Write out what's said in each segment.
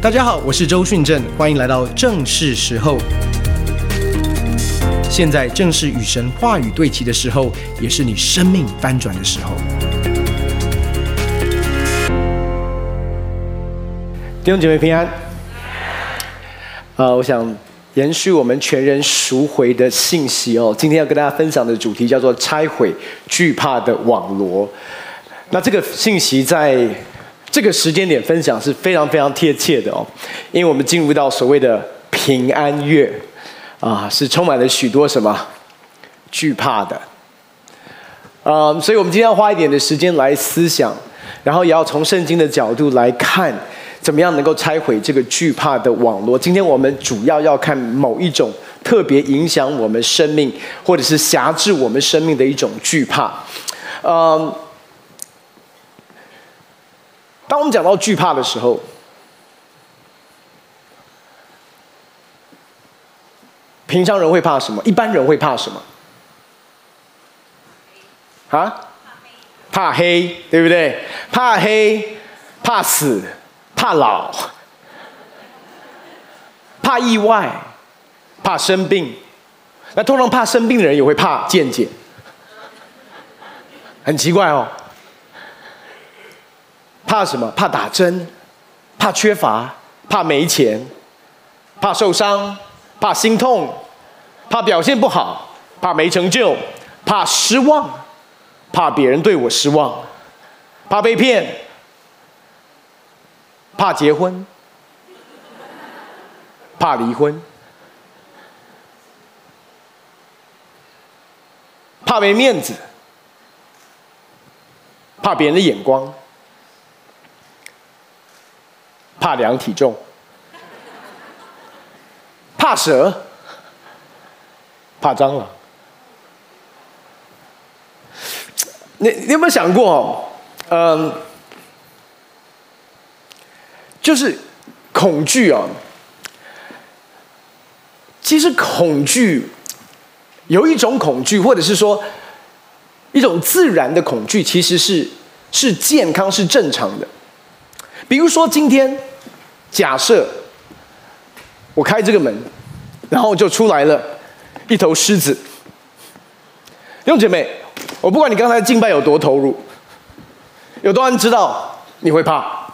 大家好，我是周迅正，歡迎來到正是時候。現在正是與神話語對齊的時候，也是你生命翻轉的時候。弟兄姐妹平安。呃，我想延續我們全人贖回的信息哦，今天要跟大家分享的主題叫做拆毀懼怕的網羅。那這個信息在。這個時間點分享是非常非常貼切的哦，因為我們進入到所謂的平安月，啊，是充滿了許多什麼懼怕的，啊，所以我們今天要花一點的時間來思想，然後也要從聖經的角度來看，怎麼樣能夠拆毀這個懼怕的網羅。今天我們主要要看某一種特別影響我們生命，或者是轄制我們生命的一種懼怕，嗯。當我們講到懼怕的時候，平常人會怕什麼？一般人會怕什麼？啊？怕黑，對不對？怕黑，怕死，怕老，怕意外，怕生病。那通常怕生病的人也會怕健檢，很奇怪哦。怕什麼？怕打針，怕缺乏，怕沒錢，怕受傷，怕心痛，怕表現不好，怕沒成就，怕失望，怕別人對我失望，怕被騙，怕結婚，怕離婚，怕沒面子，怕別人的眼光。怕量體重，怕蛇，怕蟑螂。你你有沒有想過？嗯，就是恐懼啊。其實恐懼有一種恐懼，或者是說一種自然的恐懼，其實是是健康是正常的。比如說今天。假設我開這個門，然後就出來了一頭獅子。弟兄姐妹，我不管你剛才敬拜有多投入，有多少人知道你會怕，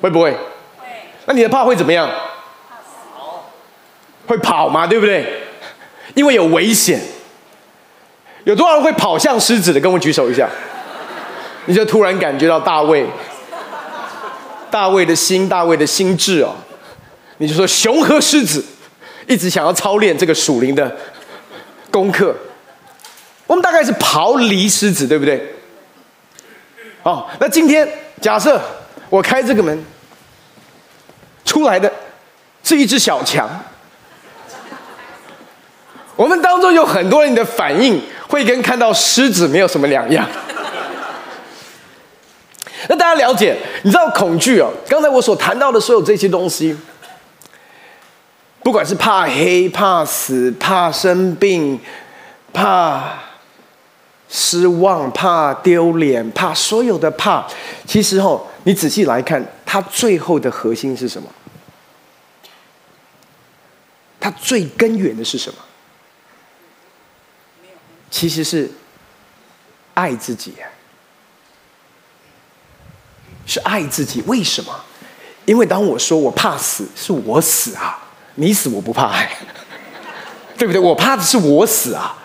會不會？會。那你的怕會怎麼樣？怕死。會跑嘛？對不對？因為有危險。有多少人會跑向獅子的？跟我舉手一下。你就突然感覺到大衛。大衛的心，大衛的心智哦，你就說熊和獅子，一直想要操練這個屬靈的功課。我們大概是跑離獅子，對不對？哦，那今天假設我開這個門，出來的是一隻小強，我們當中有很多人的反應會跟看到獅子沒有什麼兩樣。那大家了解？你知道恐懼哦、啊？剛才我所談到的所有這些東西，不管是怕黑、怕死、怕生病、怕失望、怕丟臉、怕所有的怕，其實哦，你仔細來看，它最後的核心是什麼？它最根源的是什麼？其實是愛自己。是愛自己？為什麼？因為當我說我怕死，是我死啊！你死我不怕，哎，對不對？我怕的是我死啊！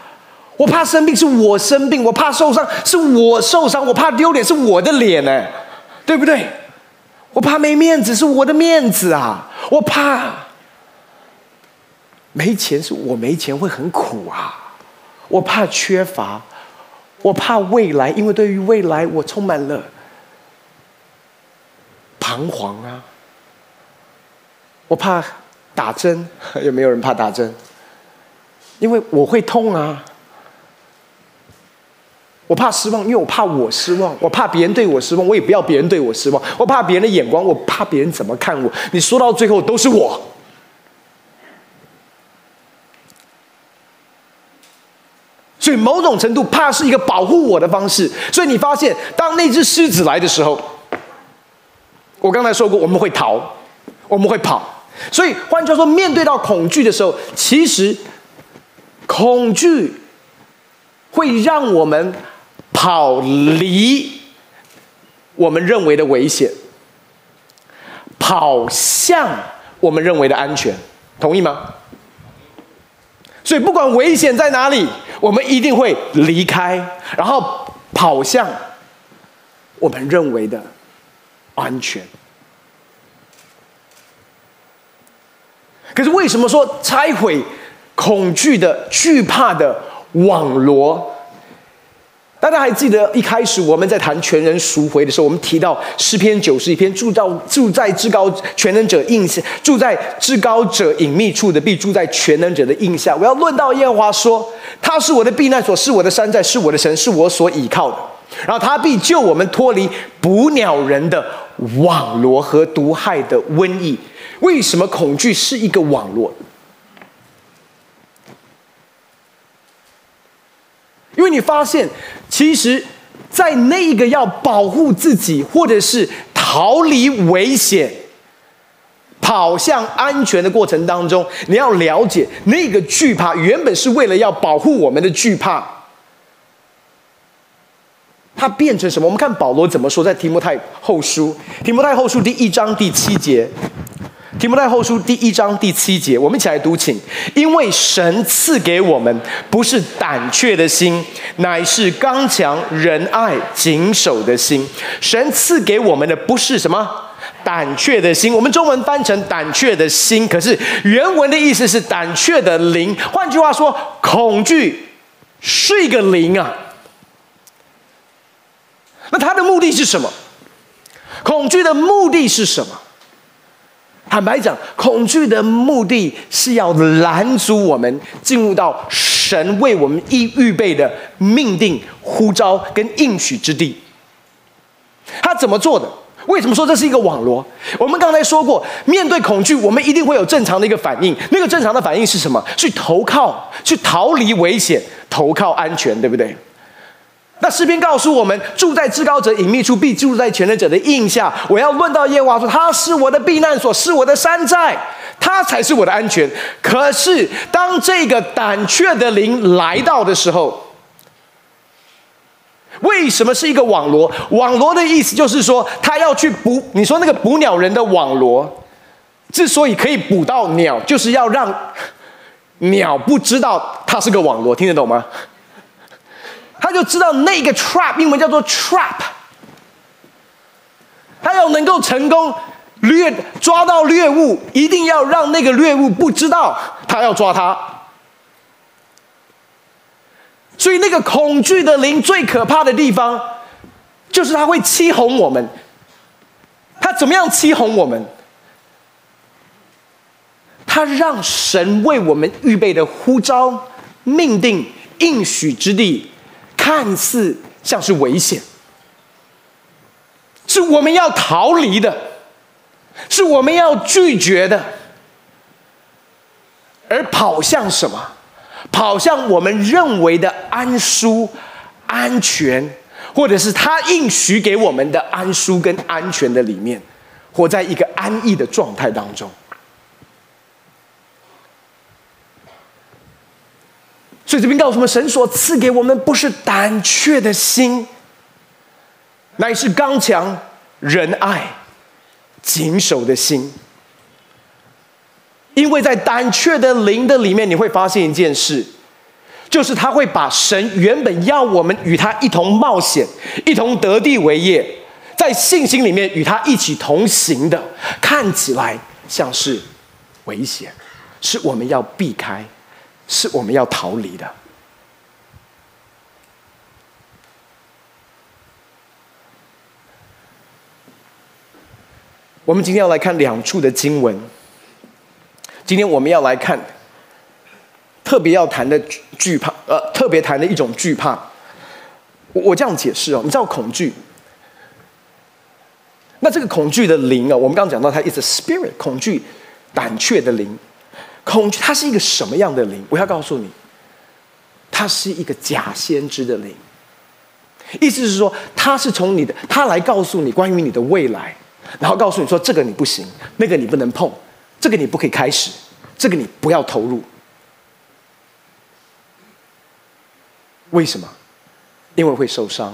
我怕生病，是我生病；我怕受傷，是我受傷；我怕丟臉，是我的臉，哎，對不對？我怕沒面子，是我的面子啊！我怕沒錢，是我沒錢會很苦啊！我怕缺乏，我怕未來，因為對於未來，我充滿了。彷徨啊！我怕打針，有沒有人怕打針？因為我會痛啊！我怕失望，因為我怕我失望，我怕別人對我失望，我也不要別人對我失望。我怕別人的眼光，我怕別人怎麼看我。你說到最後都是我，所以某種程度怕是一個保護我的方式。所以你發現，當那隻獅子來的時候。我剛才說過，我們會逃，我們會跑，所以換句話說，面對到恐懼的時候，其實恐懼會讓我們跑離我們認為的危險，跑向我們認為的安全，同意嗎？所以不管危險在哪裡，我們一定會離開，然後跑向我們認為的安全。可是為什麼說拆毀恐懼的懼怕的網羅？大家還記得一開始我們在談全人贖回的時候，我們提到詩篇九十一篇，住到住在至高全能者蔭下，住在至高者隱祕處的，必住在全能者的蔭下。我要論到耶和華說，他是我的避難所，是我的山寨，是我的神，是我所倚靠的。然後他必救我們脫離捕鳥人的網羅和毒害的瘟疫。為什麼恐懼是一個網羅？因為你發現，其實，在那個要保護自己或者是逃離危險，跑向安全的過程當中，你要了解那個懼怕原本是為了要保護我們的懼怕，它變成什麼？我們看保羅怎麼說，在提摩太後書提摩太後書第一章第七節。提摩太後書第一章第七節，我們一起來讀，請。因為神賜給我們不是膽怯的心，乃是剛強、仁愛、謹守的心。神賜給我們的不是什麼？膽怯的心，我們中文翻成膽怯的心，可是原文的意思是膽怯的靈。換句話說，恐懼是一個靈啊。那它的目的是什麼？恐懼的目的是什麼？坦白講，恐懼的目的是要攔阻我們進入到神為我們預預備的命定呼召跟應許之地。他怎麼做的？為什麼說這是一個網羅？我們剛才說過，面對恐懼，我們一定會有正常的一個反應。那個正常的反應是什麼？去投靠，去逃離危險，投靠安全，對不對？那詩篇告訴我們：住在至高者隱秘處，必住在全能者的蔭下。我要論到耶和華說，他是我的避難所，是我的山寨，他才是我的安全。可是當這個膽怯的靈來到的時候，為什麼是一個網羅？網羅的意思就是說，他要去捕。你說那個捕鳥人的網羅，之所以可以捕到鳥，就是要讓鳥不知道他是個網羅，聽得懂嗎？他就知道那個 trap，英文叫做 trap。他要能夠成功掠，抓到獵物，一定要讓那個獵物不知道他要抓他。所以那個恐懼的靈最可怕的地方，就是他會欺哄我們。他怎麼樣欺哄我們？他讓神為我們預備的呼召、命定、應許之地，看似像是危險，是我們要逃離的，是我們要拒絕的，而跑向什麼？跑向我們認為的安舒、安全，或者是他應許給我們的安舒跟安全的裡面，活在一個安逸的狀態當中。所以，這邊告訴我們，神所賜給我們不是膽怯的心，乃是剛強、仁愛、謹守的心。因為在膽怯的靈的裡面，你會發現一件事，就是他會把神原本要我們與他一同冒險、一同得地為業，在信心裡面與他一起同行的，看起來像是危險，是我們要避開。是我們要逃離的。我們今天要來看兩處的經文。今天我們要來看，特別要談的懼怕，呃，特別談的一種懼怕。我我這樣解釋哦，你知道恐懼？那這個恐懼的靈啊、哦，我們剛剛講到它，It's a spirit 恐懼、膽怯的靈。恐懼，它是一個什麼樣的靈？我要告訴你，它是一個假先知的靈。意思是說，它是從你的，它來告訴你關於你的未來，然後告訴你說這個你不行，那個你不能碰，這個你不可以開始，這個你不要投入。為什麼？因為會受傷，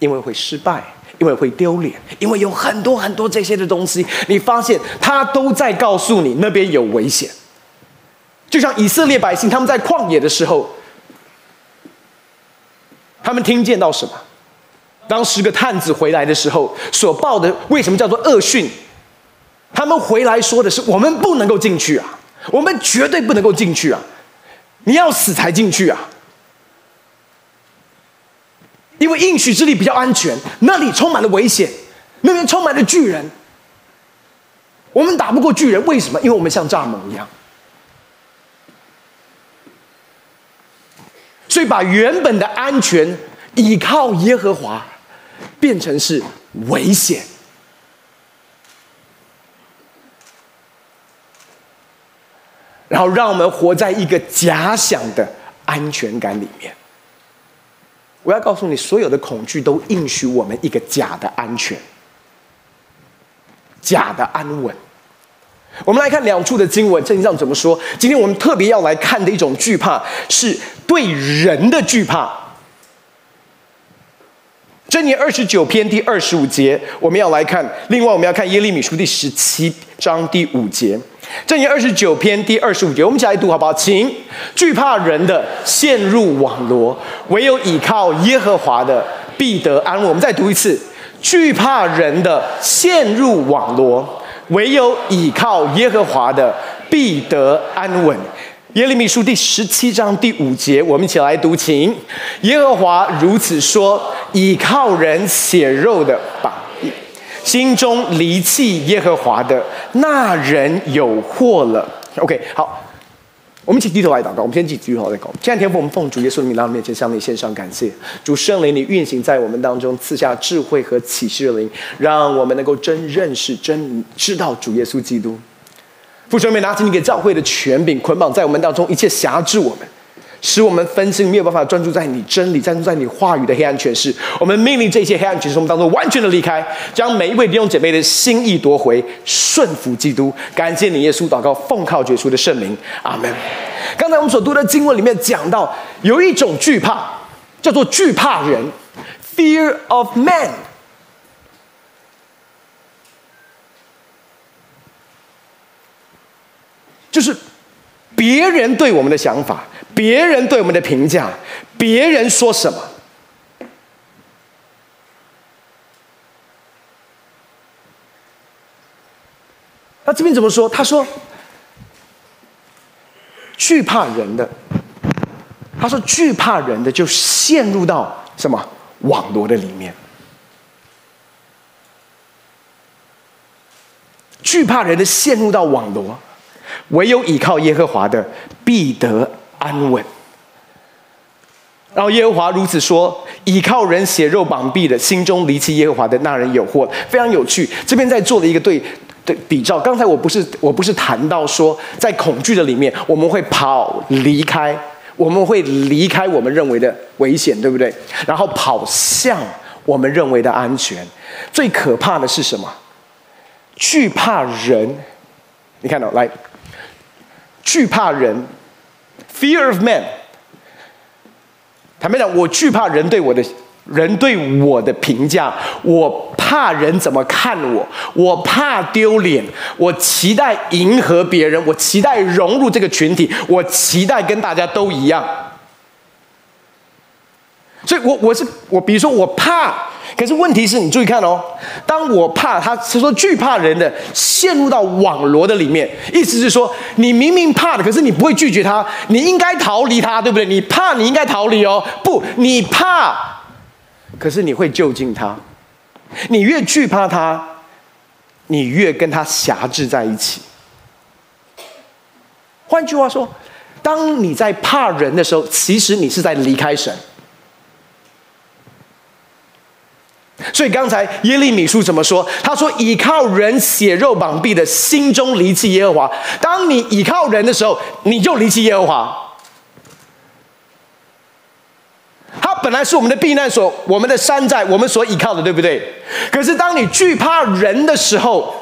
因為會失敗，因為會丟臉，因為有很多很多這些的東西。你發現它都在告訴你，那邊有危險。就像以色列百姓，他們在曠野的時候，他們聽見到什麼？當十個探子回來的時候，所報的為什麼叫做惡訊？他們回來說的是：我們不能夠進去啊，我們絕對不能夠進去啊，你要死才進去啊！因為應許之地比較安全，那裡充滿了危險，那邊充滿了巨人，我們打不過巨人，為什麼？因為我們像蚱蜢一樣。所以把原本的安全倚靠耶和華，變成是危險，然後讓我們活在一個假想的安全感裡面。我要告訴你，所有的恐懼都應許我們一個假的安全，假的安穩。我們來看兩處的經文，聖經上怎麼說？今天我們特別要來看的一種懼怕，是對人的懼怕。箴言二十九篇第二十五節，我們要來看；另外，我們要看耶利米書第十七章第五節。箴言二十九篇第二十五節，我們一起來讀好不好？請懼怕人的陷入網羅，唯有倚靠耶和華的必得安穩。我們再讀一次：懼怕人的陷入網羅。唯有倚靠耶和華的，必得安穩。耶利米書第十七章第五節，我們一起來讀經。耶和華如此說：倚靠人血肉的膀臂，心中離棄耶和華的那人有禍了。OK，好。我們一起低頭來禱告。我們先起低頭再禱告。現在，天父，我們奉主耶穌的名來到面前，向你獻上感謝。主聖靈，你運行在我們當中，賜下智慧和啟示的靈，讓我們能夠真認識、真知道主耶穌基督。父神，你拿起你給教會的權柄，捆綁在我們當中，一切轄制我們使我們分心沒有辦法專注在你真理，專注在你話語的黑暗權勢。我們命令這些黑暗權勢從我們當中完全的離開，將每一位弟兄姐妹的心意奪回，順服基督。感謝你，耶穌禱告，奉靠決出的聖靈，阿門。剛才我們所讀的經文裡面講到，有一種懼怕，叫做懼怕人，Fear of man，就是別人對我們的想法。別人對我們的評價，別人說什麼？那這邊怎麼說？他說：“懼怕人的。”他說：“懼怕人的就陷入到什麼網羅的裡面。”懼怕人的陷入到網羅，唯有倚靠耶和華的必得安穩。然後耶和華如此說：倚靠人血肉膀臂的，心中離棄耶和華的那人有禍。非常有趣，這邊在做的一個對對比照。剛才我不是我不是談到說，在恐懼的裡面，我們會跑離開，我們會離開我們認為的危險，對不對？然後跑向我們認為的安全。最可怕的是什麼？懼怕人。你看到來，懼怕人。Fear of man，坦白講，我懼怕人對我的人對我的評價，我怕人怎麼看我，我怕丟臉，我期待迎合別人，我期待融入這個群體，我期待跟大家都一樣。所以我，我是我是我，比如說，我怕。可是問題是你注意看哦，當我怕他，是說懼怕人的，陷入到網羅的裡面，意思是說你明明怕的，可是你不會拒絕他，你應該逃離他，對不對？你怕，你應該逃離哦。不，你怕，可是你會就近他，你越懼怕他，你越跟他轄制在一起。換句話說，當你在怕人的時候，其實你是在離開神。所以剛才耶利米書怎麼說？他說：“倚靠人血肉膀臂的，心中離棄耶和華。當你倚靠人的時候，你就離棄耶和華。他本來是我們的避難所，我們的山寨，我們所依靠的，對不對？可是當你懼怕人的時候，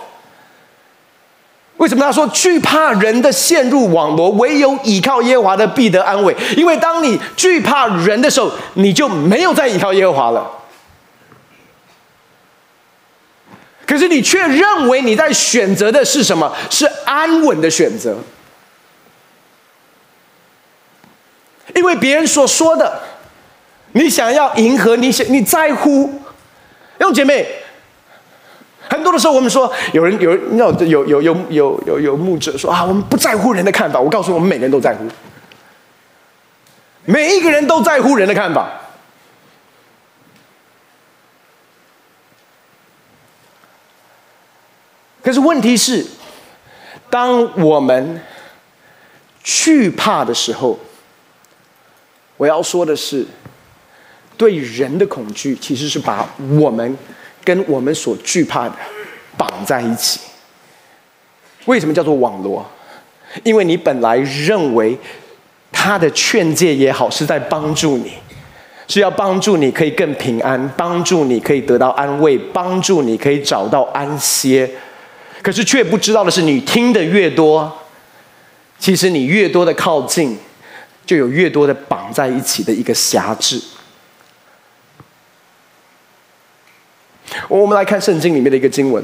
為什麼他說懼怕人的陷入網羅，唯有倚靠耶和華的必得安慰？因為當你懼怕人的時候，你就沒有再依靠耶和華了。”可是你卻認為你在選擇的是什麼？是安穩的選擇，因為別人所說的，你想要迎合，你你在乎。弟兄姐妹，很多的時候我們說，有人有人有有有有有有牧者說啊，我們不在乎人的看法。我告訴你，我們每個人都在乎，每一個人都在乎人的看法。可是問題是，當我們懼怕的時候，我要說的是，對人的恐懼其實是把我們跟我們所懼怕的綁在一起。為什麼叫做網羅？因為你本來認為他的勸誡也好，是在幫助你，是要幫助你可以更平安，幫助你可以得到安慰，幫助你可以找到安歇。可是卻不知道的是，你聽的越多，其實你越多的靠近，就有越多的綁在一起的一個轄制。我們來看聖經裡面的一個經文，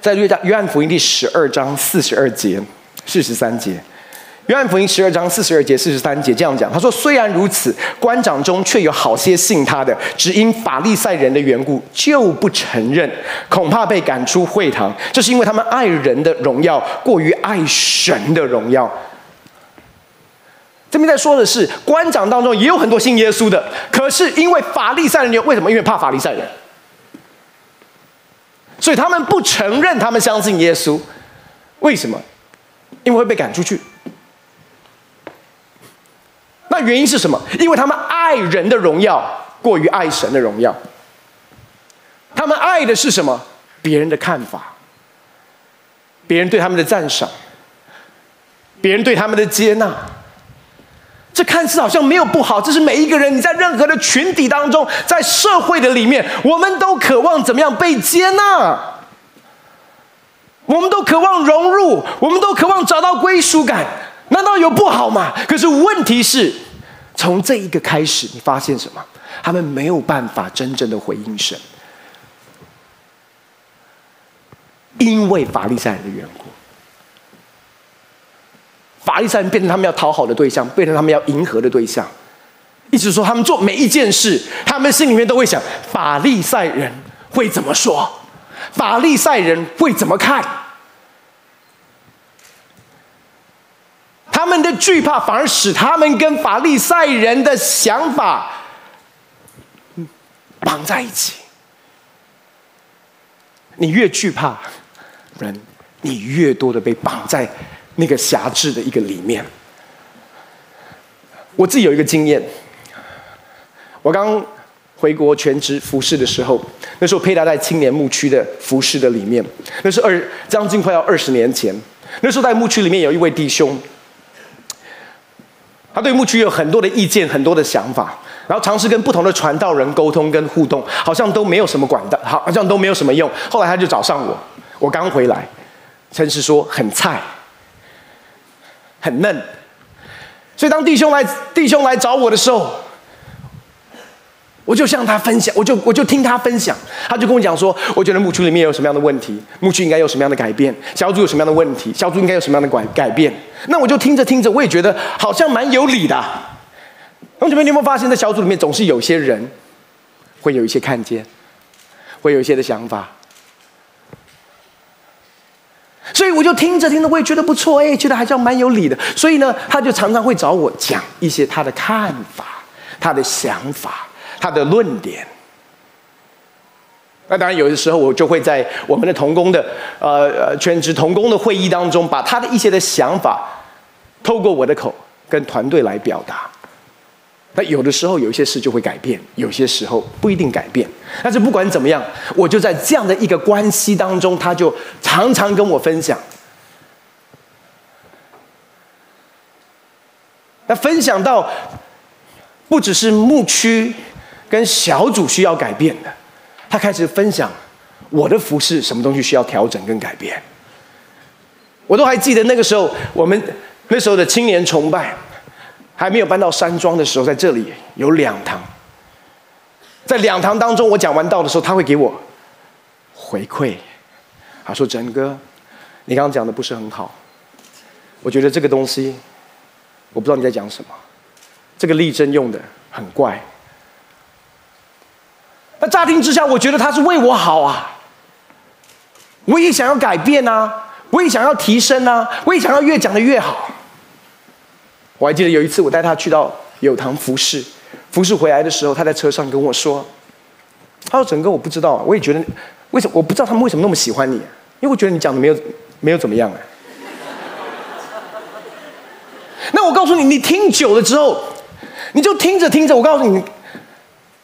在約大約翰福音第十二章四十二節、四十三節。約翰福音十二章四十二節、四十三節這樣講，他說：“雖然如此，官長中卻有好些信他的，只因法利賽人的緣故，就不承認，恐怕被趕出會堂。這是因為他們愛人的榮耀過於愛神的榮耀。”這邊在說的是，官長當中也有很多信耶穌的，可是因為法利賽人，為什麼？因為怕法利賽人，所以他們不承認他們相信耶穌。為什麼？因為會被趕出去。那原因是什麼？因為他們愛人的榮耀過於愛神的榮耀。他們愛的是什麼？別人的看法，別人對他們的讚賞，別人對他們的接納。這看似好像沒有不好，這是每一個人，你在任何的群體當中，在社會的裡面，我們都渴望怎麼樣被接納，我們都渴望融入，我們都渴望找到歸屬感。難道有不好嗎？可是問題是，從這一個開始，你發現什麼？他們沒有辦法真正的回應神，因為法利賽人的緣故，法利賽人變成他們要討好的對象，變成他們要迎合的對象。意思是說他們做每一件事，他們心裡面都會想，法利賽人會怎麼說？法利賽人會怎麼看？他們的懼怕反而使他們跟法利賽人的想法綁在一起。你越懼怕人，你越多的被綁在那個轄制的一個裡面。我自己有一個經驗，我剛回國全職服事的時候，那時候配搭在青年牧區的服事的裡面，那是二將近快要二十年前。那時候在牧區裡面有一位弟兄。他對牧區有很多的意見，很多的想法，然後嘗試跟不同的傳道人溝通跟互動，好像都沒有什麼管道，好，好像都沒有什麼用。後來他就找上我，我剛回來，誠實說很菜，很嫩，所以當弟兄來弟兄來找我的時候，我就向他分享，我就我就聽他分享，他就跟我講說，我覺得牧區裡面有什麼樣的問題，牧區應該有什麼樣的改變，小組有什麼樣的問題，小組應該有什麼樣的改改變。那我就聽着聽着，我也覺得好像蠻有理的。同學們，你有沒有發現，在小組裡面總是有些人會有一些看見，會有一些的想法，所以我就聽着聽着，我也覺得不錯，哎，覺得還叫蠻有理的。所以呢，他就常常會找我講一些他的看法，他的想法。他的論點。那當然，有的時候我就會在我們的同工的、呃呃全職同工的會議當中，把他的一些的想法透過我的口跟團隊來表達。那有的時候有一些事就會改變，有些時候不一定改變。但是不管怎麼樣，我就在這樣的一個關係當中，他就常常跟我分享。那分享到不只是牧區。跟小組需要改變的，他開始分享我的服侍，什麼東西需要調整跟改變。我都還記得那個時候，我們那時候的青年崇拜還沒有搬到山莊的時候，在這裡有兩堂，在兩堂當中，我講完道的時候，他會給我回饋，他說：“整哥，你剛剛講的不是很好，我覺得這個東西，我不知道你在講什麼，這個例證用的很怪。”乍聽之下，我覺得他是為我好啊！我也想要改變吶、啊，我也想要提升吶、啊，我也想要越講得越好。我還記得有一次，我帶他去到有堂服飾，服飾回來的時候，他在車上跟我說：“他說，陳哥，我不知道、啊，我也覺得，為什麼我不知道他們為什麼那麼喜歡你、啊？因為我覺得你講的沒有，沒有怎麼樣啊。”那我告訴你，你聽久了之後，你就聽着聽着，我告訴你。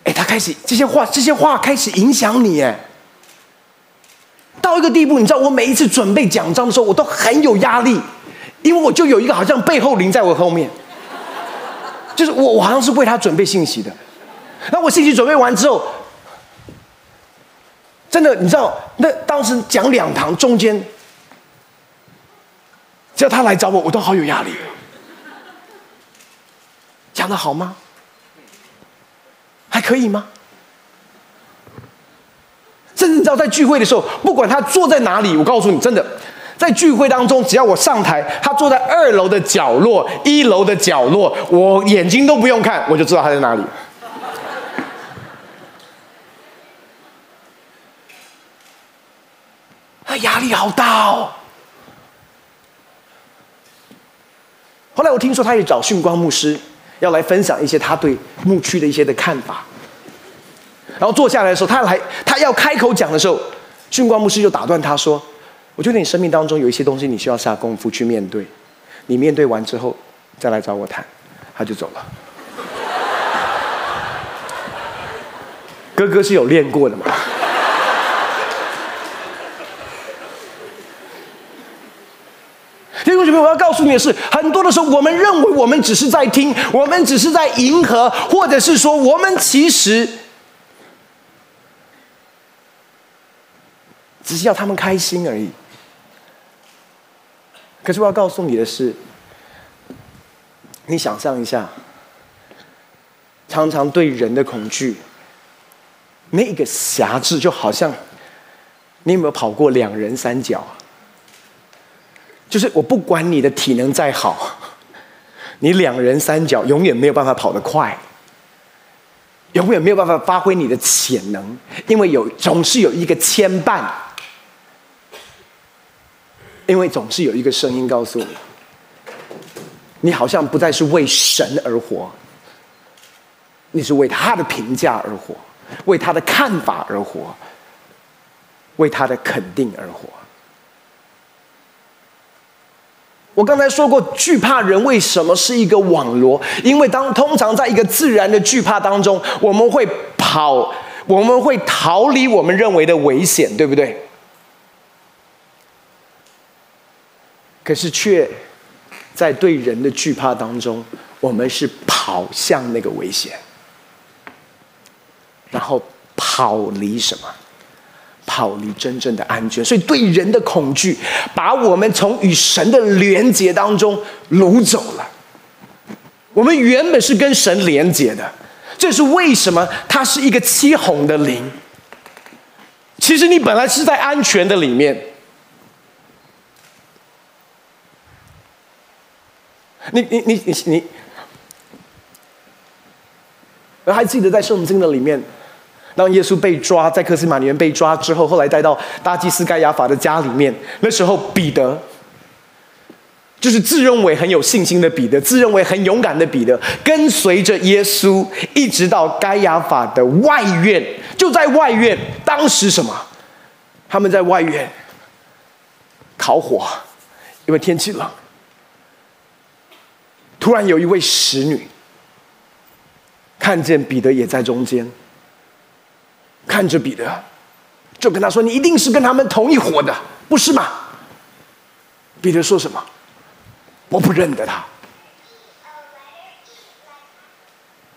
哎，誒他開始這些話，這些話開始影響你，哎，到一個地步，你知道，我每一次準備講章的時候，我都很有壓力，因為我就有一個好像背後臨在我後面，就是我，我好像是為他準備信息的。那我信息準備完之後，真的，你知道，那當時講兩堂中間，只要他來找我，我都好有壓力。講得好嗎？還可以嗎？甚至你知道，在聚會的時候，不管他坐在哪裡，我告訴你，真的，在聚會當中，只要我上台，他坐在二樓的角落、一樓的角落，我眼睛都不用看，我就知道他在哪裡。他壓力好大哦！後來我聽說，他也找訓光牧師。要來分享一些他對牧區的一些的看法，然後坐下來的時候，他來他要開口講的時候，訓光牧師就打斷他說：“我覺得你生命當中有一些東西你需要下功夫去面對，你面對完之後再來找我談。”他就走了。哥哥是有練過的嘛？所以我要告訴你的是，很多的時候，我們認為我們只是在聽，我們只是在迎合，或者是說，我們其實只是要他們開心而已。可是我要告訴你的是，你想象一下，常常對人的恐懼，那個轄制就好像，你有沒有跑過兩人三腳？就是我不管你的體能再好，你兩人三腳永遠沒有辦法跑得快，永遠沒有辦法發揮你的潛能，因為有，總是有一個牽絆，因為總是有一個聲音告訴你，你好像不再是為神而活，你是為他的評價而活，為他的看法而活，為他的肯定而活。我剛才說過，懼怕人為什麼是一個網羅？因為當通常在一個自然的懼怕當中，我們會跑，我們會逃離我們認為的危險，對不對？可是卻在對人的懼怕當中，我們是跑向那個危險，然後跑離什麼？逃離真正的安全，所以對人的恐懼，把我們從與神的連結當中擄走了。我們原本是跟神連結的，這是為什麼？它是一個欺哄的靈。其實你本來是在安全的裡面。你你你你你，我還記得在聖經的裡面。當耶穌被抓，在客西馬尼園被抓之後，後來帶到大祭司該亞法的家裡面。那時候，彼得就是自認為很有信心的彼得，自認為很勇敢的彼得，跟隨着耶穌，一直到該亞法的外院。就在外院，當時什麼？他們在外院烤火，因為天氣冷。突然有一位使女看見彼得也在中間。看着彼得，就跟他說：“你一定是跟他們同一夥的，不是嗎？”彼得說什麼？我不認得他。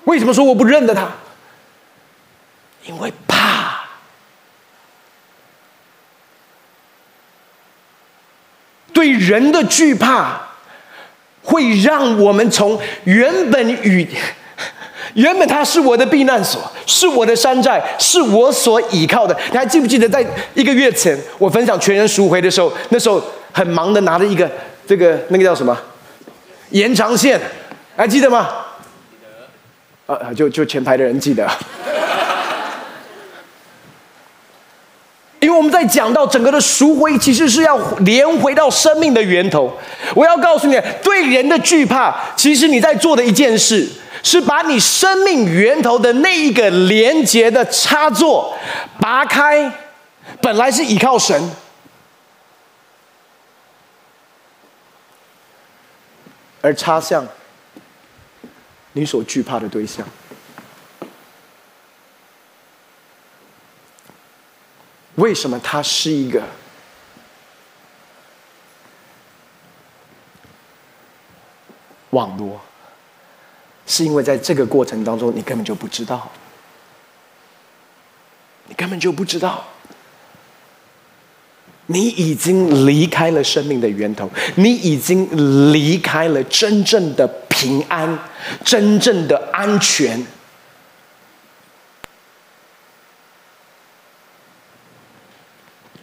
為什麼說我不認得他？因為怕。對人的懼怕，會讓我們從原本與……原本它是我的避難所，是我的山寨，是我所依靠的。你還記不記得，在一個月前我分享全人贖回的時候，那時候很忙的拿着一個這個那個叫什麼延長線，還記得嗎？記得。啊！就就前排的人記得。因為我們在講到整個的贖回，其實是要連回到生命的源頭。我要告訴你，對人的懼怕，其實你在做的一件事。是把你生命源頭的那一個連接的插座拔開，本來是依靠神，而插向你所懼怕的對象。為什麼它是一個網羅？是因為在這個過程當中，你根本就不知道，你根本就不知道，你已經離開了生命的源頭，你已經離開了真正的平安，真正的安全，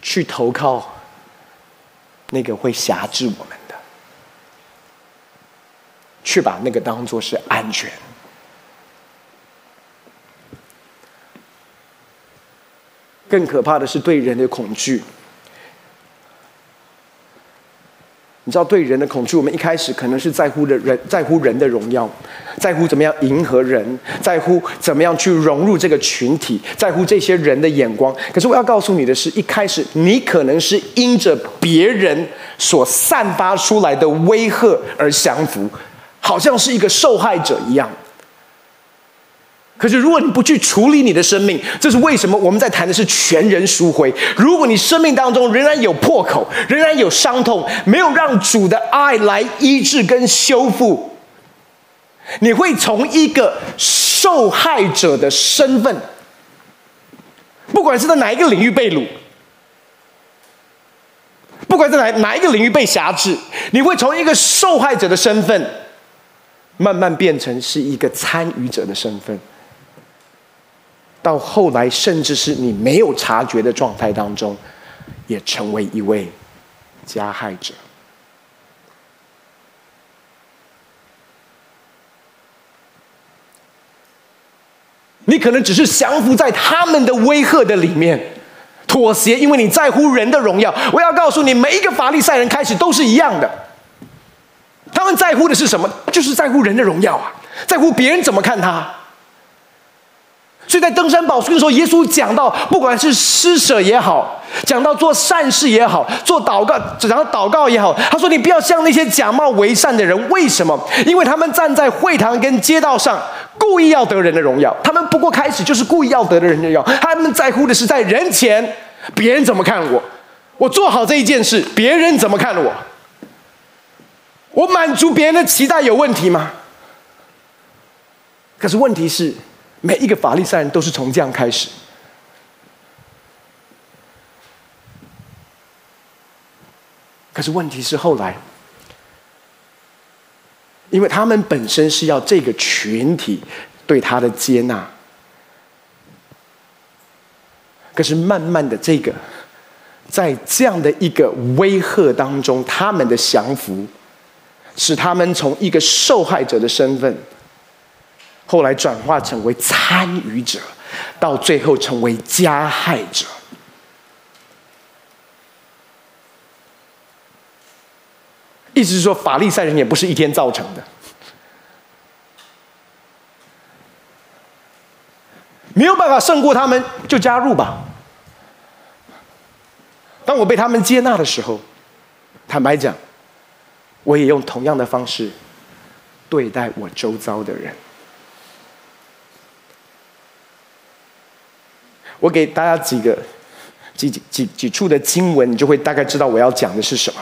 去投靠那個會轄制我們。去把那個當做是安全，更可怕的是對人的恐懼。你知道，對人的恐懼，我們一開始可能是在乎的人，在乎人的榮耀，在乎怎麼樣迎合人，在乎怎麼樣去融入這個群體，在乎這些人的眼光。可是我要告訴你的是一開始，你可能是因着別人所散發出來的威嚇而降服。好像是一個受害者一樣。可是，如果你不去處理你的生命，這是為什麼？我們在談的是全人贖回。如果你生命當中仍然有破口，仍然有傷痛，沒有讓主的愛來醫治跟修復，你會從一個受害者的身份，不管是在哪一個領域被擄，不管在哪哪一個領域被挾制，你會從一個受害者的身份。慢慢變成是一個參與者的身份，到後來，甚至是你沒有察覺的狀態當中，也成為一位加害者。你可能只是降服在他們的威嚇的裡面，妥協，因為你在乎人的榮耀。我要告訴你，每一個法利賽人開始都是一樣的。在乎的是什麼？就是在乎人的榮耀啊，在乎別人怎麼看他。所以在登山寶訓的時候，耶穌講到，不管是施捨也好，講到做善事也好，做禱告，然後禱告也好，他說：“你不要像那些假冒為善的人。”為什麼？因為他們站在會堂跟街道上，故意要得人的榮耀。他們不過開始就是故意要得的人的榮耀。他們在乎的是在人前別人怎麼看我，我做好這一件事，別人怎麼看我。我滿足別人的期待有問題嗎？可是問題是，每一個法利賽人都是從這樣開始。可是問題是後來，因為他們本身是要這個群體對他的接納，可是慢慢的，這個在這樣的一個威嚇當中，他們的降服。使他們從一個受害者的身份，後來轉化成為參與者，到最後成為加害者。意思是說，法利賽人也不是一天造成的，沒有辦法勝過他們，就加入吧。當我被他們接納的時候，坦白講。我也用同樣的方式對待我周遭的人。我給大家幾個幾幾幾幾處的經文，你就會大概知道我要講的是什麼。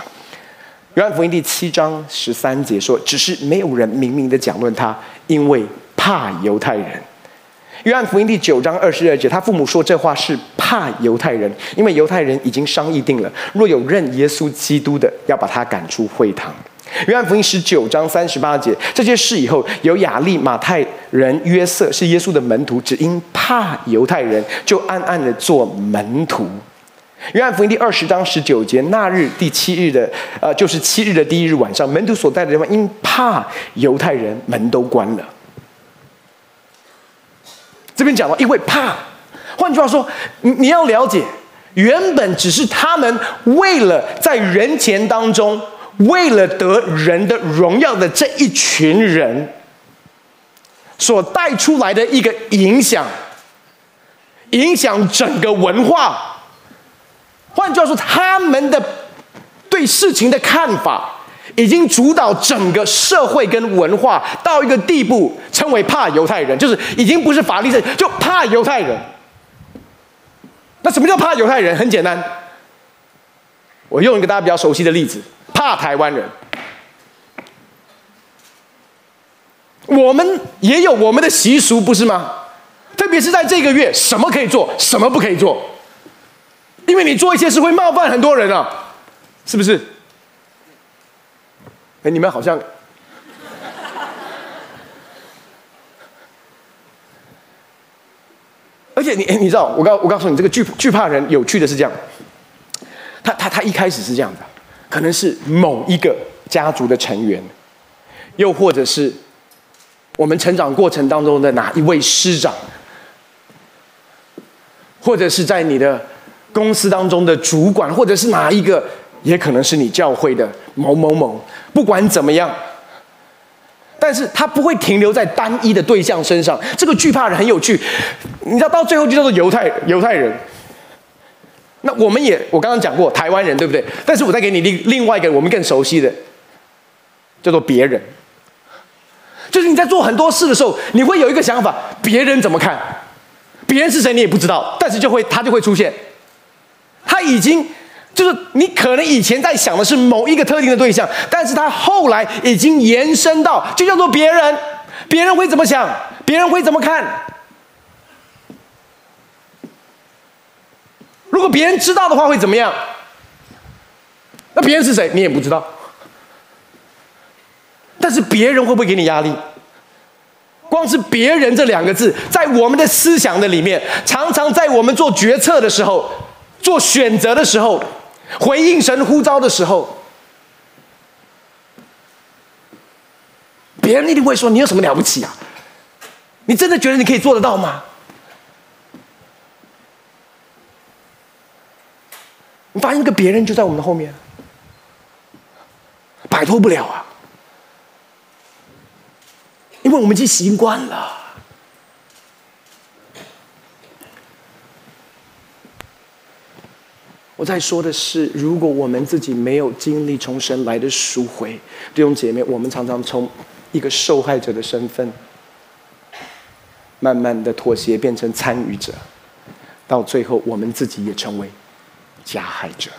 約翰福音第七章十三節說：“只是沒有人明明的講論他，因為怕猶太人。”約翰福音第九章二十二節，他父母說這話是怕猶太人，因為猶太人已經商議定了，若有認耶穌基督的，要把他趕出會堂。約翰福音十九章三十八節，這些事以後，有亞利馬太人約瑟是耶穌的門徒，只因怕猶太人，就暗暗的做門徒。約翰福音第二十章十九節，那日第七日的，呃，就是七日的第一日晚上，門徒所在的地方，因怕猶太人，門都關了。這邊講到，因為怕，換句話說，你，你要了解，原本只是他們為了在人前當中。為了得人的榮耀的這一群人，所帶出來的一個影響，影響整個文化，換句話說，他們的對事情的看法，已經主導整個社會跟文化到一個地步，稱為怕猶太人，就是已經不是法律上就怕猶太人。那什麼叫怕猶太人？很簡單，我用一個大家比較熟悉的例子。大台灣人，我們也有我們的習俗，不是嗎？特別是在這個月，什麼可以做，什麼不可以做，因為你做一些事會冒犯很多人啊，是不是？哎，你們好像……而且，你你知道，我告我告訴你，這個懼懼怕人，有趣的是這樣，他他他一開始是這樣的。可能是某一個家族的成員，又或者是我們成長過程當中的哪一位師長，或者是在你的公司當中的主管，或者是哪一個，也可能是你教會的某某某。不管怎麼樣，但是他不會停留在單一的對象身上。這個懼怕的人很有趣，你知道到最後就叫做猶太猶太人。那我們也，我剛剛講過台灣人，對不對？但是我再給你另另外一個我們更熟悉的，叫做別人，就是你在做很多事的時候，你會有一個想法，別人怎麼看？別人是誰你也不知道，但是就會他就會出現，他已經就是你可能以前在想的是某一個特定的對象，但是他後來已經延伸到就叫做別人，別人會怎麼想？別人會怎麼看？如果別人知道的話會怎麼樣？那別人是誰？你也不知道。但是別人會不會給你壓力？光是“別人”這兩個字，在我們的思想的裡面，常常在我們做決策的時候、做選擇的時候、回應神呼召的時候，別人一定會說：“你有什麼了不起啊？你真的覺得你可以做得到嗎？”你發現一個別人就在我們的後面，擺脫不了啊，因為我們已經習慣了。我在說的是，如果我們自己沒有經歷重生來的贖回，弟兄姐妹，我們常常從一個受害者的身份，慢慢的妥協變成參與者，到最後我們自己也成為加害者。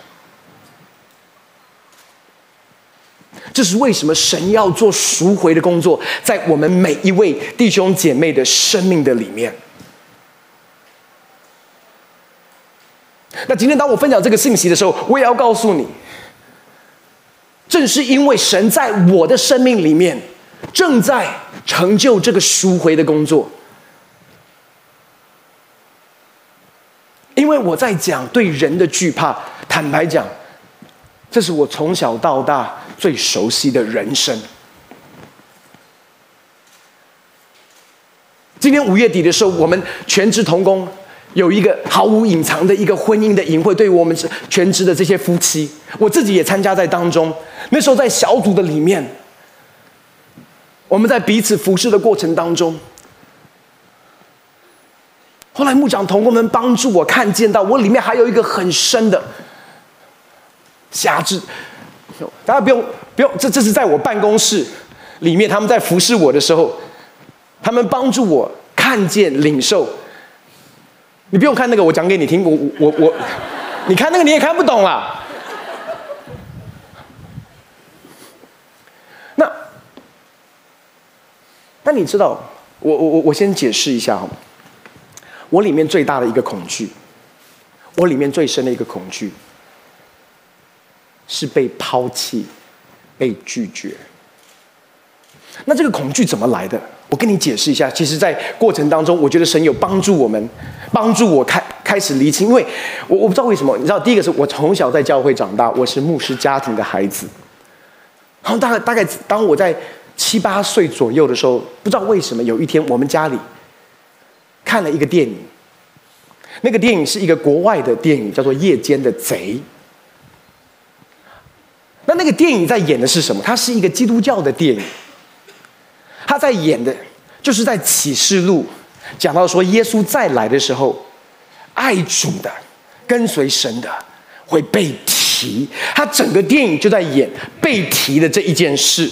這是為什麼神要做贖回的工作，在我們每一位弟兄姐妹的生命的裡面。那今天當我分享這個信息的時候，我也要告訴你，正是因為神在我的生命裡面，正在成就這個贖回的工作。因為我在講對人的懼怕，坦白講，這是我從小到大最熟悉的人生。今年五月底的時候，我們全職同工有一個毫無隱藏的一個婚姻的營會，對於我們是全職的這些夫妻，我自己也參加在當中。那時候在小組的裡面，我們在彼此服侍的過程當中。後來牧長同工們幫助我看見到我裡面還有一個很深的轄制。大家不用不用，這這是在我辦公室裡面，他們在服侍我的時候，他們幫助我看見領受。你不用看那個，我講給你聽。我我我，你看那個你也看不懂啦、啊。那那你知道，我我我我先解釋一下好嗎？我裡面最大的一個恐懼，我裡面最深的一個恐懼，是被拋棄、被拒絕。那這個恐懼怎麼來的？我跟你解釋一下。其實，在過程當中，我覺得神有幫助我們，幫助我開開始釐清。因為我我不知道為什麼，你知道，第一個是我從小在教會長大，我是牧師家庭的孩子。然後大概大概當我在七八歲左右的時候，不知道為什麼，有一天我們家裡看了一個電影，那個電影是一個國外的電影，叫做《夜間的賊》。那那個電影在演的是什麼？它是一個基督教的電影。他在演的，就是在啟示錄講到說，耶穌再來的時候，愛主的、跟隨神的會被提。他整個電影就在演被提的這一件事。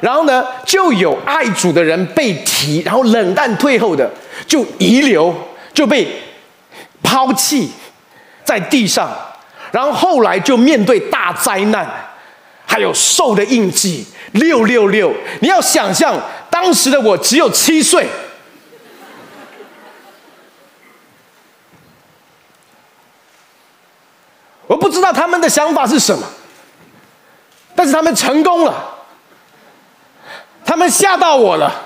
然後呢，就有愛主的人被提，然後冷淡退後的。就遺留就被拋棄在地上，然後後來就面對大災難，還有獸的印記六六六。你要想象當時的我只有七歲，我不知道他們的想法是什麼？但是他們成功了，他們嚇到我了。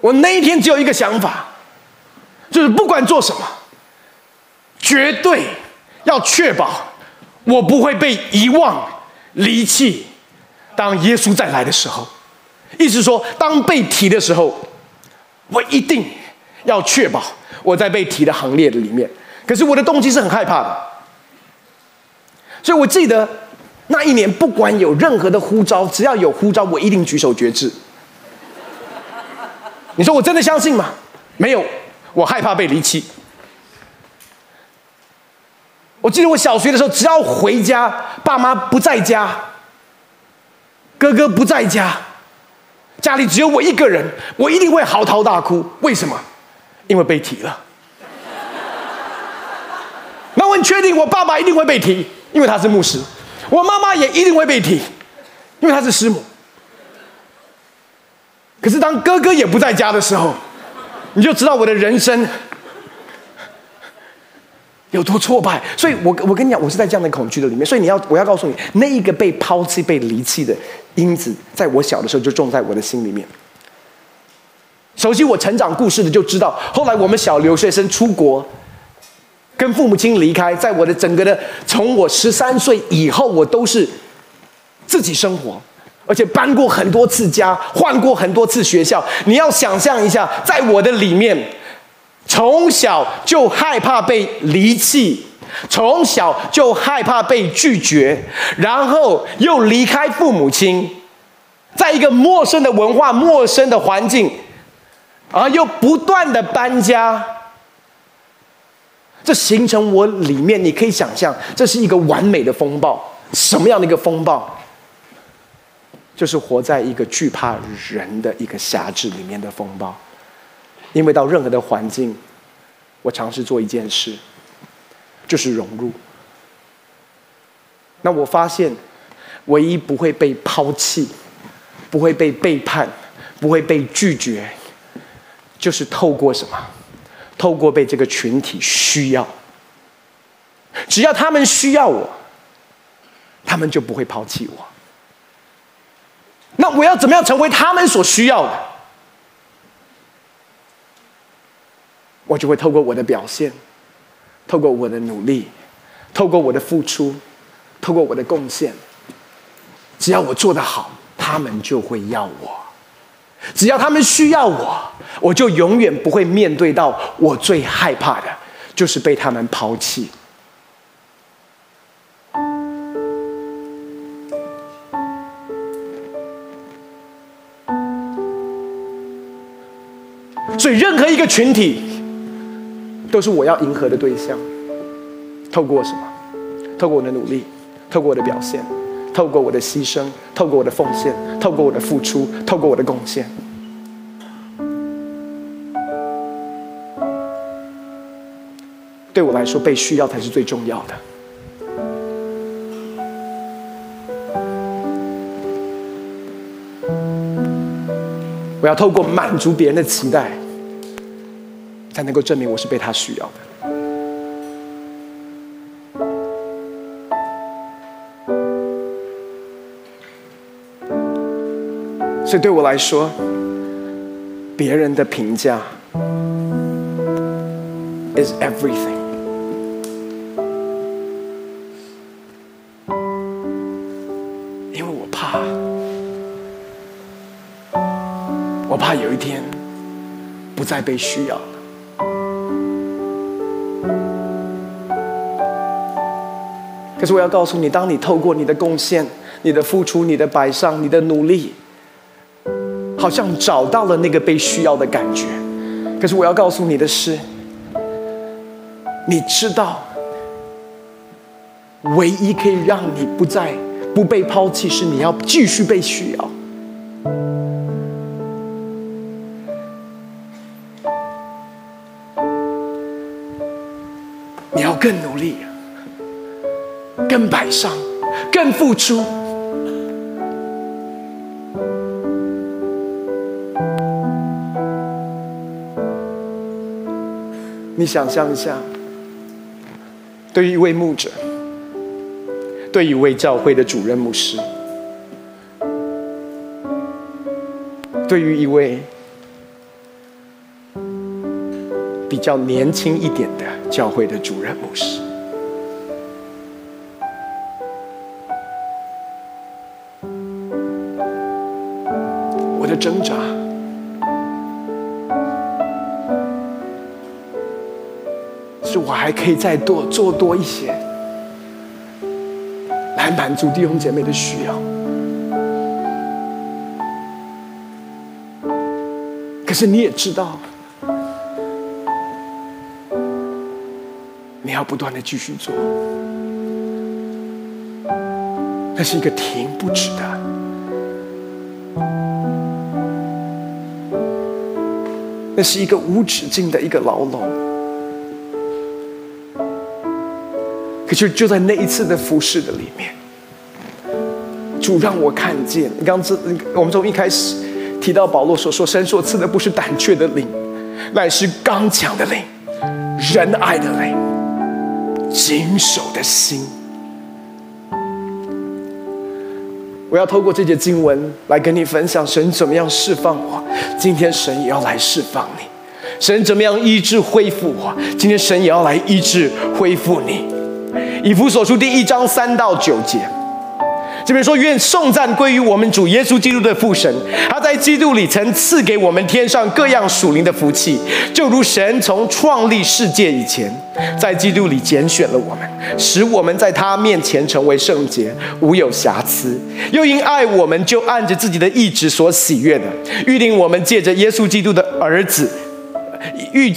我那一天只有一個想法，就是不管做什麼，絕對要確保我不會被遺忘、離棄。當耶穌再來的時候，意思說，當被提的時候，我一定要確保我在被提的行列裡面。可是我的動機是很害怕的，所以我記得那一年，不管有任何的呼召，只要有呼召，我一定舉手決志。你說我真的相信嗎？沒有，我害怕被離棄。我記得我小學的時候，只要回家，爸媽不在家，哥哥不在家，家裡只有我一個人，我一定會嚎啕大哭。為什麼？因為被提了。 那我很確定，我爸爸一定會被提，因為他是牧師；我媽媽也一定會被提，因為她是師母。可是，當哥哥也不在家的時候，你就知道我的人生有多挫敗。所以我，我我跟你講，我是在這樣的恐懼的裡面。所以，你要，我要告訴你，那一個被拋棄、被離棄的因子，在我小的時候就種在我的心裡面。熟悉我成長故事的就知道，後來我們小留學生出國，跟父母親離開，在我的整個的從我十三歲以後，我都是自己生活。而且搬過很多次家，換過很多次學校。你要想象一下，在我的裡面，從小就害怕被離棄，從小就害怕被拒絕，然後又離開父母親，在一個陌生的文化、陌生的環境，而、啊、又不斷的搬家，這形成我裡面，你可以想象，這是一個完美的風暴。什麼樣的一個風暴？就是活在一個懼怕人的一個轄制裡面的風暴，因為到任何的環境，我嘗試做一件事，就是融入。那我發現，唯一不會被拋棄、不會被背叛、不會被拒絕，就是透過什麼？透過被這個群體需要。只要他們需要我，他們就不會拋棄我。那我要怎麼樣成為他們所需要的？我就會透過我的表現，透過我的努力，透過我的付出，透過我的貢獻，只要我做得好，他們就會要我；只要他們需要我，我就永遠不會面對到我最害怕的，就是被他們拋棄。所以，任何一個群體都是我要迎合的對象。透過什麼？透過我的努力，透過我的表現，透過我的犧牲，透過我的奉獻，透過我的付出，透過我的貢獻。對我來說，被需要才是最重要的。我要透過滿足別人的期待。才能夠證明我是被他需要的。所以對我來說，別人的評價 is everything。因為我怕，我怕有一天不再被需要。可是我要告訴你，當你透過你的貢獻、你的付出、你的擺上、你的努力，好像找到了那個被需要的感覺。可是我要告訴你的是，你知道，唯一可以讓你不再不被拋棄，是你要繼續被需要。上更付出。你想象一下，對於一位牧者，對於一位教會的主任牧師，對於一位比較年輕一點的教會的主任牧師。掙扎，是我還可以再多做多一些，來滿足弟兄姐妹的需要。可是你也知道，你要不斷的繼續做，那是一個停不止的。那是一個無止境的一個牢籠。可是就在那一次的服侍的裡面，主讓我看見，剛知，我們從一開始提到保羅所說，神所賜的不是膽怯的靈，乃是剛強的靈、仁愛的靈、謹守的心。我要透過這節經文來跟你分享，神怎麼樣釋放我。今天神也要來釋放你，神怎麼樣醫治恢復我？今天神也要來醫治恢復你。以弗所書第一章三到九節。比如說，願頌讚歸於我們主耶穌基督的父神。他在基督裡曾賜給我們天上各樣屬靈的福氣，就如神從創立世界以前，在基督裡揀選了我們，使我們在他面前成為聖潔，無有瑕疵；又因愛我們，就按着自己的意旨所喜悅的，預定我們借着耶穌基督的兒子預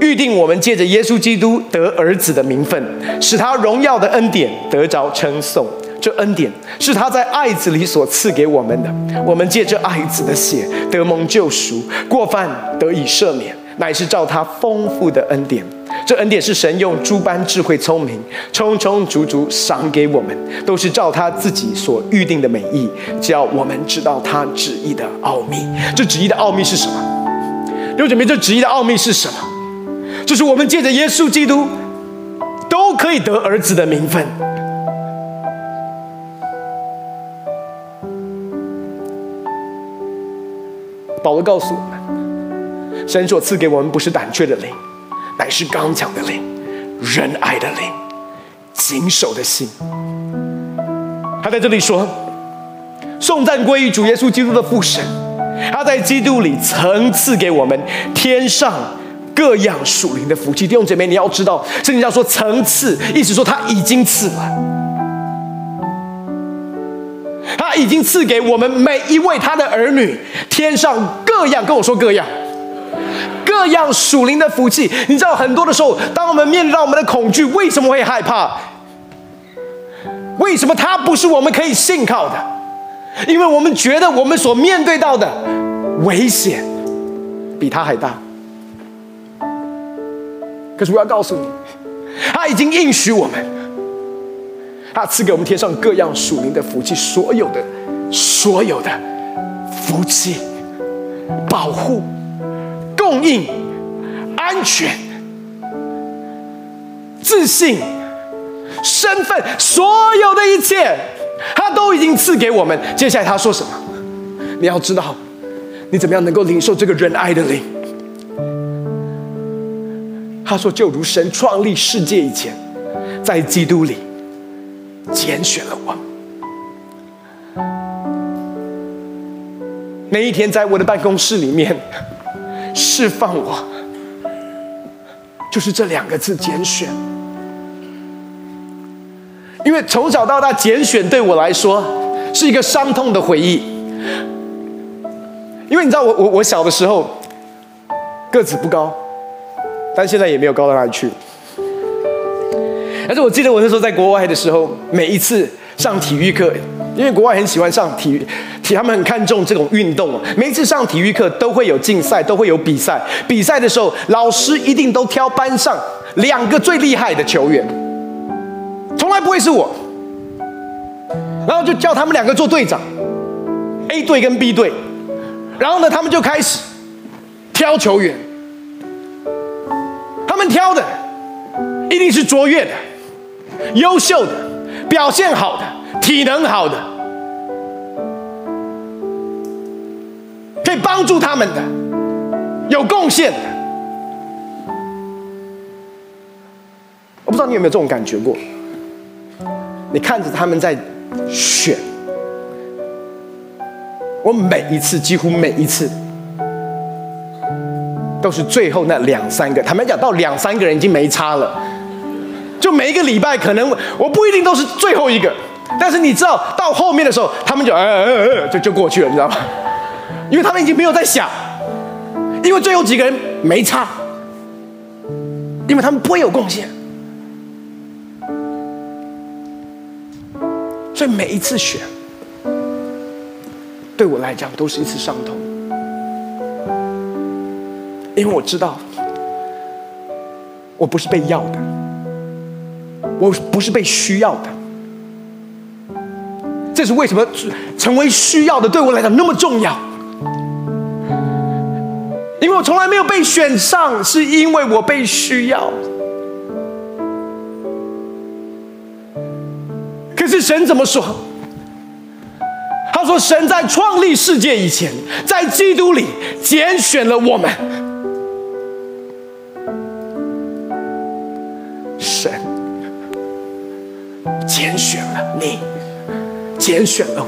預定我們借着耶穌基督得兒子的名分，使他榮耀的恩典得着稱頌。這恩典是他在愛子裡所賜給我們的，我們借着愛子的血得蒙救贖，過犯得以赦免，乃是照他豐富的恩典。這恩典是神用諸般智慧聰明，充充足足賞，賞給我們，都是照他自己所預定的美意，只要我們知道他旨意的奧祕。這旨意的奧祕是什麼？弟兄姊妹，這旨意的奧祕是什麼？就是我們借着耶穌基督都可以得兒子的名分。保羅告訴我們，神所賜給我們不是膽怯的靈，乃是剛強的靈、仁愛的靈、謹守的心。他在這裡說，頌讚歸於主耶穌基督的父神，他在基督裡曾賜給我們天上各樣屬靈的福氣。弟兄姐妹，你要知道，聖經上說“曾賜”，意思說他已經賜了。他已經賜給我們每一位他的兒女天上各樣，跟我說各樣各樣屬靈的福氣。你知道，很多的時候，當我們面臨到我們的恐懼，為什麼會害怕？為什麼他不是我們可以信靠的？因為我們覺得我們所面對到的危險比他還大。可是我要告訴你，他已經應許我們。他賜給我們天上各樣屬靈的福氣，所有的、所有的福氣、保護、供應、安全、自信、身份，所有的一切，他都已經賜給我們。接下來他說什麼？你要知道，你怎麼樣能夠領受這個仁愛的靈？他說：“就如神創立世界以前，在基督裡。”揀選了我，那一天在我的辦公室裡面釋放我，就是這兩個字“揀選”。因為從小到大，揀選對我來說是一個傷痛的回憶。因為你知道我，我我我小的時候個子不高，但現在也沒有高到哪裡去。但是我記得我那時候在國外的時候，每一次上體育課，因為國外很喜歡上體育，他們很看重這種運動啊。每一次上體育課都會有競賽，都會有比賽。比賽的時候，老師一定都挑班上兩個最厲害的球員，從來不會是我。然後就叫他們兩個做隊長，A 隊跟 B 隊。然後呢，他們就開始挑球員，他們挑的一定是卓越的。優秀的，表現好的，體能好的，可以幫助他們的，有貢獻的。我不知道你有沒有這種感覺過？你看着他們在選，我每一次，幾乎每一次，都是最後那兩三個。坦白講，到兩三個人已經沒差了。就每一個禮拜，可能我不一定都是最後一個，但是你知道，到後面的時候，他們就呃呃呃就就過去了，你知道嗎？因為他們已經沒有在想，因為最後幾個人沒差，因為他們不會有貢獻，所以每一次選，對我來講都是一次傷痛，因為我知道，我不是被要的。我不是被需要的，這是為什麼成為需要的對我來講那麼重要？因為我從來沒有被選上，是因為我被需要。可是神怎麼說？他說：“神在創立世界以前，在基督裡揀選了我們。”揀選了你，揀選了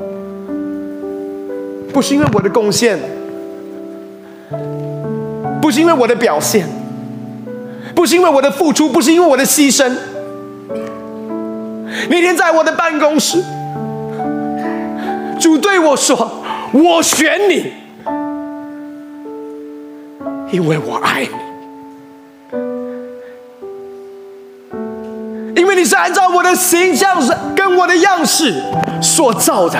我，不是因為我的貢獻，不是因為我的表現，不是因為我的付出，不是因為我的犧牲。那天在我的辦公室，主對我說：“我選你，因為我愛你。”因為你是按照我的形象，是跟我的樣式所造的，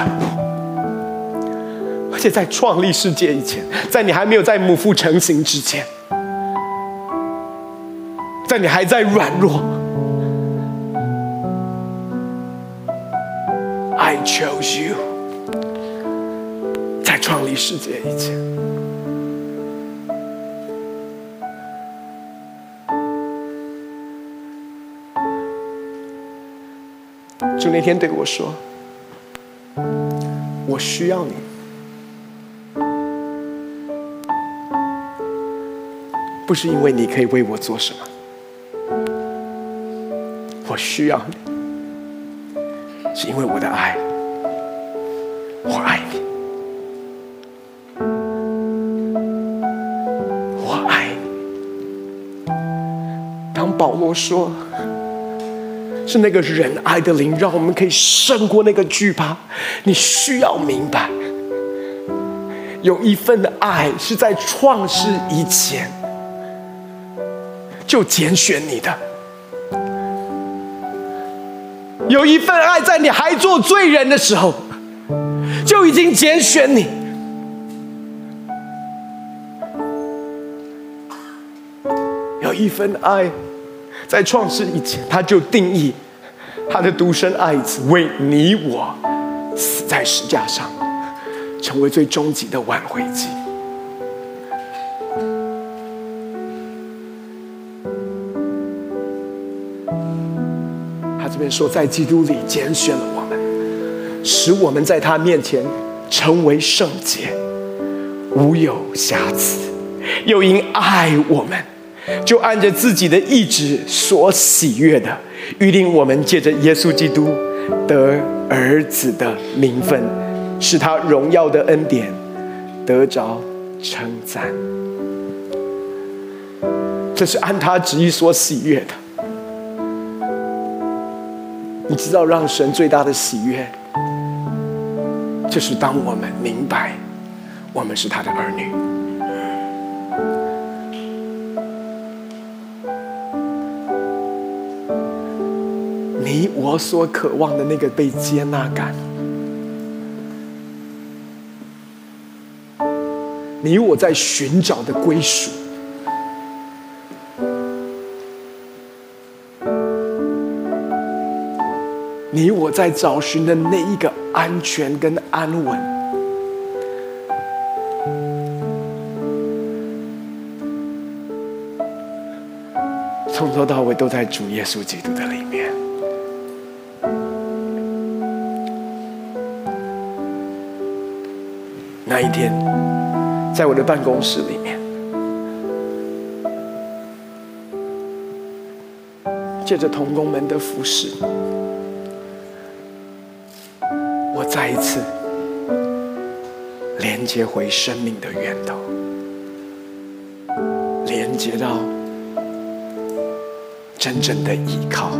而且在創立世界以前，在你還沒有在母腹成型之前，在你還在軟弱，I chose you，在創立世界以前。主那天對我說：“我需要你，不是因為你可以為我做什麼，我需要你，是因為我的愛。我愛你，我愛你。”當保羅說。是那個仁愛的靈，讓我們可以勝過那個懼怕。你需要明白，有一份愛是在創世以前就揀選你的；有一份愛在你還做罪人的時候就已經揀選你；有一份愛在創世以前他就定義。他的獨生愛子為你我死在十字架上，成為最終極的挽回祭。他這邊說，在基督裡揀選了我們，使我們在他面前成為聖潔，無有瑕疵，又因愛我們，就按着自己的意志所喜悅的，預定我們借着耶穌基督得兒子的名分，使他榮耀的恩典，得着稱讚。這是按他旨意所喜悅的。你知道，讓神最大的喜悅，就是當我們明白我們是他的兒女。我所渴望的那個被接納感，你我在尋找的歸屬，你我在找尋的那一個安全跟安穩，從頭到尾都在主耶穌基督的裡面。一天，在我的辦公室裡面，借着同工們的服侍，我再一次連接回生命的源頭，連接到真正的依靠。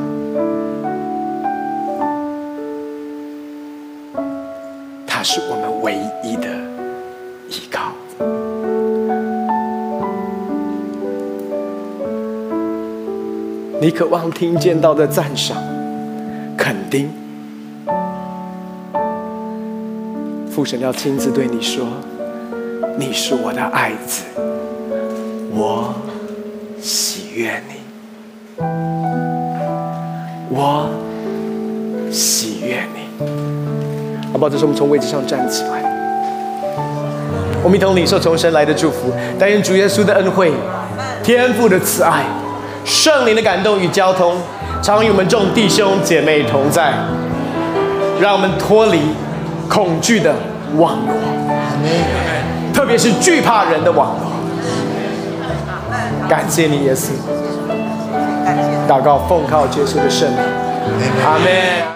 他是我們唯一的。你渴望聽見到的讚賞、肯定，父神要親自對你說：“你是我的愛子，我喜悅你，我喜悅你。”好不好，這是我們從位置上站起來，我們一同領受從神來的祝福，但願主耶穌的恩惠、天父的慈愛。聖靈的感動與交通，常與我們眾弟兄姐妹同在，讓我們脫離恐懼的網羅，特別是懼怕人的網羅。感謝你，耶穌。禱告奉靠耶穌的聖名，阿門。